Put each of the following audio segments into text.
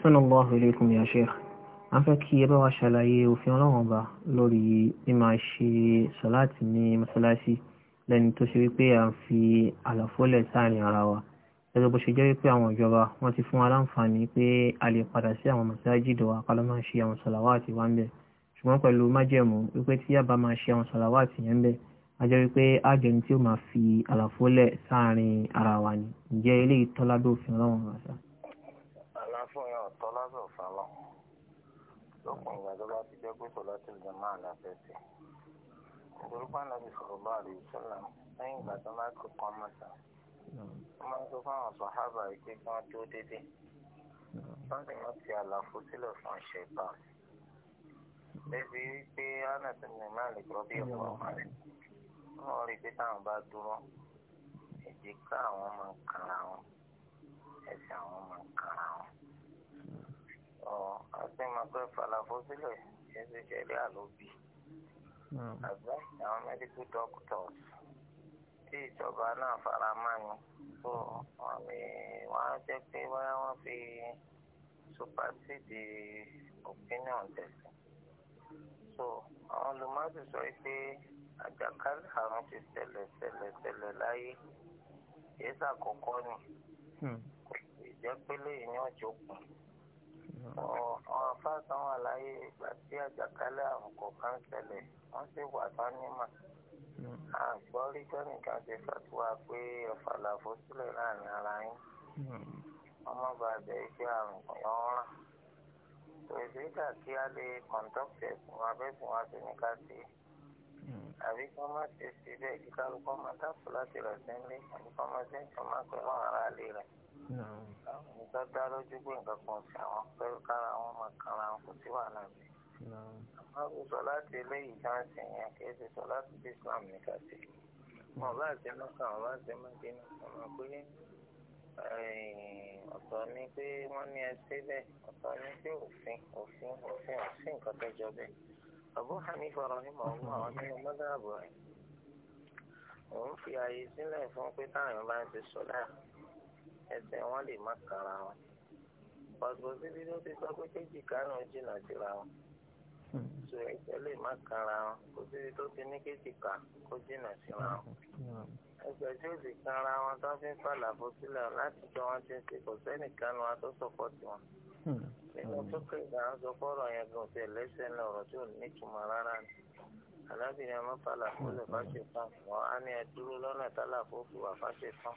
ahsan allah ilaykum ya sheikh a fẹ́ kí ẹ bá wa ṣàlàyé òfin ọlọ́run ọba lórí mímá ṣe sọ́láàtì ní mọ́ṣáláṣí lẹ́ni tó ṣe wípé à ń fi àlàfólẹ̀ sáàrin ara wa gẹ́gẹ́ bó ṣe jẹ́ wípé àwọn ìjọba wọ́n ti fún wa láǹfààní pé a lè padà sí àwọn mọ̀sáájìdì wa ká máa ṣe àwọn sọ̀làwáàtì wa ń bẹ̀ ṣùgbọ́n pẹ̀lú májẹ̀mú wípé tí a máa ṣe àwọn sọ̀làwáàtì yẹn bẹ̀ a jẹ́ wípé a jẹ́ ní tí ó máa fi àlàfólẹ̀ sáàrin ara wa ni ǹjẹ́ eléyìí tọ́lá bí òfin ọlọ́run àṣà fún yẹn ọ̀tọ́ lábẹ́ òfin lọ lópin ìgbà tó bá ti jẹ́ pé sọ̀lá tó lè máa là fẹ́sẹ̀ nítorí pàánà bí sọ̀rọ̀ bá rí sọ́là lẹ́yìn ìgbà tó máa kó kan mọ́ta wọ́n máa ń sọ fún àwọn sọ̀hábà yìí pé kí wọ́n tó dédé wọ́n sì ti àlàfo sílẹ̀ fún ọ̀ṣẹ̀ ìbáà débi wípé ana tó ní máa lè gbọ́ bí ọ̀pọ̀ ọmọ rẹ̀ wọ́n rí pé táwọn bá dúró èjìká àwọn máa ń kara mọ̀ pé falafọ́sílẹ̀ ṣe ń ṣe ṣẹlẹ̀ àlóbì hmm. àgbà àwọn medical doctors tí ìjọba náà fara mọ́ ni tó wọ́n mi wọ́n á jẹ́ pé bóyá wọ́n fi supersede opinion tẹ̀sí so àwọn olùmọ̀ọ́sì sọ pé àjàkálẹ̀ àrùn ti ṣẹlẹ̀ ṣẹlẹ̀ ṣẹlẹ̀ láyé kìí ṣàkọ́kọ́ ni hmm. ìjẹ́pẹ́lẹ́ yìí ni ọ̀jọ̀ kù àwọn afáàsán wà láyé ìgbà tí àjàkálẹ̀ àrùn kọ̀ọ̀kan ṣẹlẹ̀ wọ́n sì wà tán nímọ̀ àgbọ̀ hmm. rí jọ́nìkan ṣe fàtúwà pé ọ̀fà làfo sílẹ̀ láàrin ara yín hmm. ọmọ bàbá iṣẹ́ àrùn kọ̀ọ̀kan rán pèsè ìgbà kí a lè kọ̀ǹtọ́pì ẹ̀sùn abẹ́sùn wa sí ní ká sí hmm. àbí kí wọ́n má ṣe síbẹ̀ kí kálukọ́ máa dáàbò láti rẹ̀ sí ilé àbí kí wọ́n máa ṣe ìjọba àwọn ìgbà dá lójú pé nǹkan kan sí àwọn pẹ̀lú kára wọn máa kanra wọn kò sí wàhálà mi. àmọ́ sọ láti eléyìí dáńsì yẹn kì ṣe sọ láti bí Islam nìkan sí. wọn bá ṣe mọ́kà wọn bá ṣe mọ́kínà ọmọ pé ọ̀tọ̀ ni pé wọ́n ní ẹsẹ̀ bẹ́ẹ̀ ọ̀tọ̀ ni pé òfin òfin òfin òfin nǹkan tó jọ bẹ́ẹ̀. Abu Hanifa rahimah ọgbọ́n àwọn nínú mọ́tò àbọ̀ rẹ̀ òun fi ààyè sílẹ̀ fún pé táwọn bá ń ṣe sọ̀lá ẹsẹ̀ wọn lè má kara wọn pàṣẹ síbi tó ti sọ pé kéjì kánú jìnnà síra wọn so ẹsẹ̀ lè má kara wọn kò síbi tó ti ní kéjì ká kó jìnnà síra wọn ẹsẹ̀ tí ó sì kara wọn tó fi ń fàlàbọ sílẹ̀ láti jọ wọn ti ń ṣe kò sẹ́nìkan wọn tó sọ̀kọ́ tiwọn nínú sókè ìgbà ń sọ fọ́rọ̀ yẹn gan ti ẹlẹ́sẹ̀ náà ọ̀rọ̀ tí ò ní ìtumọ̀ rárá ni alábìnrin ọmọ fàlàfó lè fàṣẹ tán wọn á ní ẹ dúró lọ́nà tálàfó fìwà fàṣẹ tán.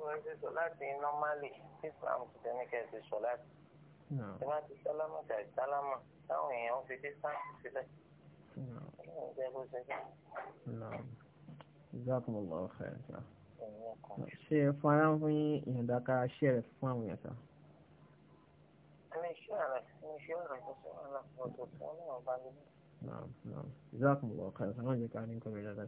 wọ́n ti sọ láti nọ́málì islam kò tẹ́ni kẹ́ ẹ ti sọ láti. ẹ bá ti sálámà tàbí sálámà táwọn èèyàn fi distance sílẹ̀. Ìzákùn ọ̀gbà ọ̀fẹ́ ẹ̀sà. Ṣé ẹ fún ara fún ìyàndà kára ṣé ẹ fún àwọn èèyàn sá? Ẹni iṣẹ́ rẹ̀ ní iṣẹ́ rẹ̀ tó sọ wọn lọ́pọ̀ tó sọ wọn náà bá